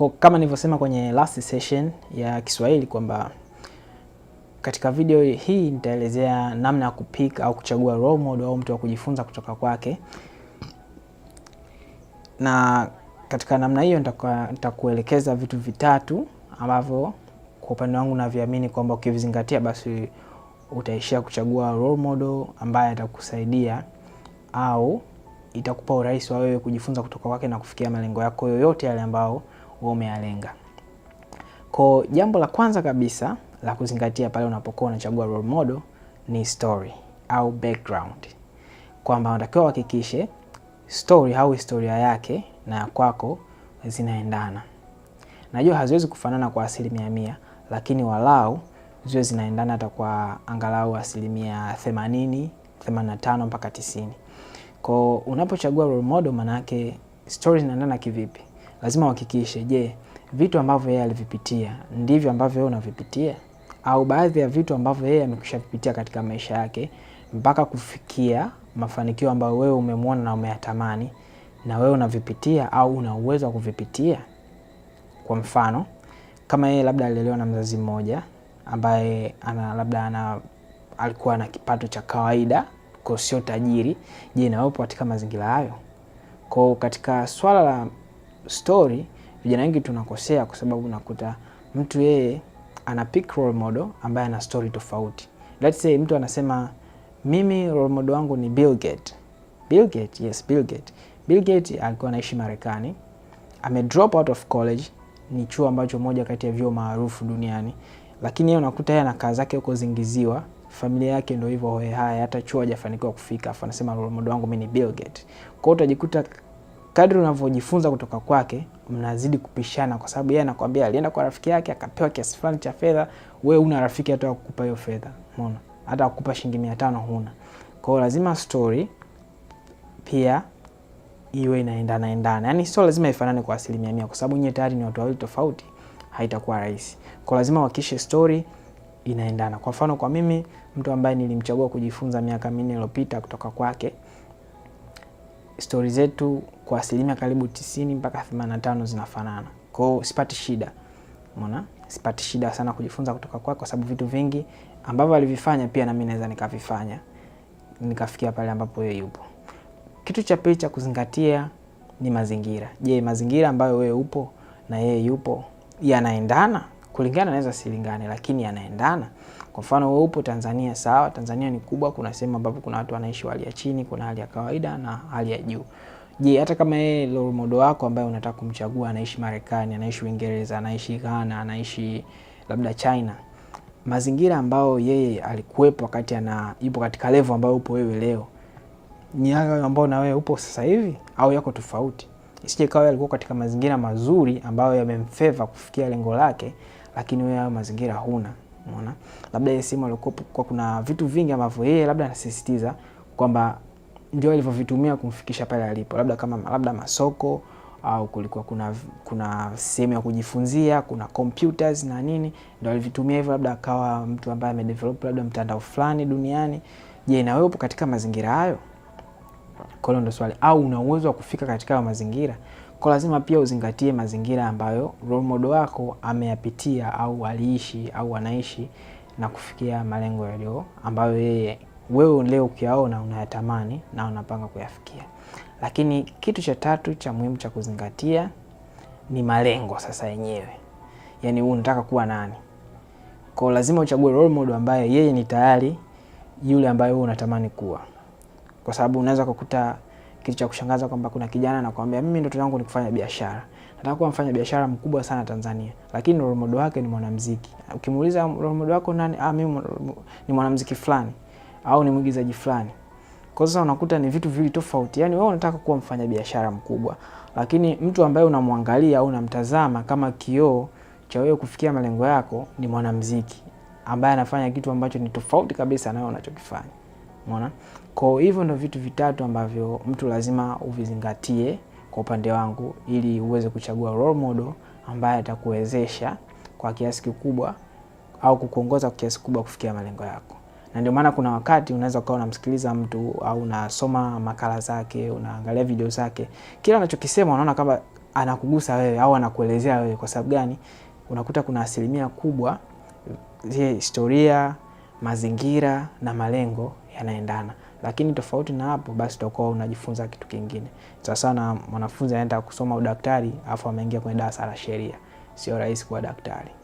Kwa kama nilivyosema kwenye last session ya Kiswahili kwamba katika video hii nitaelezea namna ya kupick au kuchagua role model au mtu wa kujifunza kutoka kwake, na katika namna hiyo nitakuelekeza vitu vitatu ambavyo kwa upande wangu naviamini kwamba ukivizingatia basi utaishia kuchagua role model ambaye atakusaidia au itakupa urahisi wa wewe kujifunza kutoka kwake na kufikia malengo yako yoyote yale ambao wewe umeyalenga. Kwa jambo la kwanza kabisa la kuzingatia pale unapokuwa unachagua role model ni story au background, kwamba unatakiwa uhakikishe story au historia yake na ya kwako zinaendana. Najua haziwezi kufanana kwa asilimia mia, lakini walau ziwe zinaendana hata kwa angalau asilimia 80, 85 mpaka 90. Kwa unapochagua role model, manake story zinaendana kivipi? lazima uhakikishe, je, vitu ambavyo yeye alivipitia ndivyo ambavyo wewe unavipitia, au baadhi ya vitu ambavyo yeye amekushapitia katika maisha yake mpaka kufikia mafanikio ambayo wewe umemwona na umeyatamani, na wewe unavipitia au una uwezo wa kuvipitia. Kwa mfano kama yeye labda alielewa na mzazi mmoja ambaye ana labda ana alikuwa na kipato cha kawaida, kwa sio tajiri. Je, na wewe upo katika mazingira hayo? Kwa katika swala la story, vijana wengi tunakosea kwa sababu unakuta mtu yeye ana pick role model ambaye ana story tofauti. Let's say mtu anasema mimi role model wangu ni Bill Gates. Bill Gates, yes, Bill Gates. Bill Gates alikuwa anaishi Marekani, ame drop out of college, ni chuo ambacho moja kati ya vyuo maarufu duniani, lakini yeye unakuta yeye kazi zake huko zingiziwa, familia yake ndio hivyo hohe haya, hata chuo hajafanikiwa kufika, afa anasema role model wangu mimi ni Bill Gates. Kwa hiyo utajikuta kadri unavyojifunza kutoka kwake mnazidi kupishana, kwa sababu yeye anakwambia alienda kwa rafiki yake akapewa kiasi fulani cha fedha, wewe una rafiki hata kukupa hiyo fedha, umeona, hata kukupa shilingi mia tano huna. Kwa lazima story pia iwe inaendana endana, yani sio lazima ifanane kwa asilimia mia, kwa sababu nyewe tayari ni watu wawili tofauti, haitakuwa rahisi. Kwa lazima uhakikishe story inaendana. Kwa mfano kwa mimi, mtu ambaye nilimchagua kujifunza miaka minne iliyopita kutoka kwake, stori zetu kwa asilimia karibu 90 mpaka 85 zinafanana. Kwa hiyo sipati shida. Umeona? Sipati shida sana kujifunza kutoka kwake kwa sababu vitu vingi ambavyo alivifanya pia na mimi naweza nikavifanya. Nikafikia pale ambapo yeye yupo. Kitu cha pili cha kuzingatia ni mazingira. Je, mazingira ambayo wewe upo na yeye yupo yanaendana? Kulingana naweza silingane, lakini yanaendana. Kwa mfano wewe upo Tanzania, sawa. Tanzania ni kubwa, kuna sehemu ambapo kuna watu wanaishi hali ya chini, kuna hali ya kawaida na hali ya juu. Je, hata kama yeye role model wako ambaye unataka kumchagua anaishi Marekani, anaishi Uingereza, anaishi Ghana, anaishi labda China, mazingira ambayo yeye alikuwepo wakati ana ipo katika level ambayo upo wewe leo ni hayo ambayo na wewe upo sasa hivi au yako tofauti? Isije kawa alikuwa katika mazingira mazuri ambayo yamemfeva kufikia lengo lake, lakini wewe hayo mazingira huna. Unaona, labda yeye simu alikuwa, kuna vitu vingi ambavyo yeye labda anasisitiza kwamba ndio alivyovitumia kumfikisha pale alipo, labda kama labda masoko au kulikuwa kuna kuna sehemu ya kujifunzia, kuna computers na nini, ndio alivitumia hivyo. Labda akawa mtu ambaye amedevelop labda mtandao fulani duniani. Je, na wewe upo katika mazingira hayo? Kwa hiyo ndio swali, au una uwezo wa kufika katika hayo mazingira? Kwa lazima pia uzingatie mazingira ambayo role model wako ameyapitia au aliishi au anaishi na kufikia malengo yaliyo ambayo yeye wewe leo ukiyaona unayatamani na unapanga kuyafikia. Lakini kitu cha tatu cha muhimu cha kuzingatia ni malengo sasa yenyewe, yaani wewe unataka kuwa nani? Kwa lazima uchague role model ambaye yeye ni tayari yule ambaye wewe unatamani kuwa, kwa sababu unaweza kukuta kitu cha kushangaza kwamba kuna kijana anakuambia mimi ndoto yangu ni kufanya biashara, nataka kuwa mfanya biashara mkubwa sana Tanzania, lakini role model wake ni mwanamuziki. Ukimuuliza role model wako nani? Ah, mimi ni mwanamuziki fulani au ni mwigizaji fulani. Kwa sasa unakuta ni vitu viwili tofauti. Yaani wewe unataka kuwa mfanyabiashara mkubwa, lakini mtu ambaye unamwangalia au unamtazama kama kioo cha wewe kufikia malengo yako ni mwanamuziki ambaye anafanya kitu ambacho ni tofauti kabisa na wewe unachokifanya. Umeona? Kwa hivyo ndio vitu vitatu ambavyo mtu lazima uvizingatie kwa upande wangu ili uweze kuchagua role model ambaye atakuwezesha kwa kiasi kikubwa au kukuongoza kwa kiasi kikubwa kufikia malengo yako na ndio maana kuna wakati unaweza ukawa unamsikiliza mtu au unasoma makala zake, unaangalia video zake, kila anachokisema unaona kama anakugusa wewe au anakuelezea wewe. Kwa sababu gani? Unakuta kuna asilimia kubwa zile historia, mazingira na malengo yanaendana, lakini tofauti na hapo, basi utakuwa unajifunza kitu kingine. Sawasawa na mwanafunzi anaenda kusoma udaktari afu ameingia kwenye darasa la sheria, sio rahisi kuwa daktari.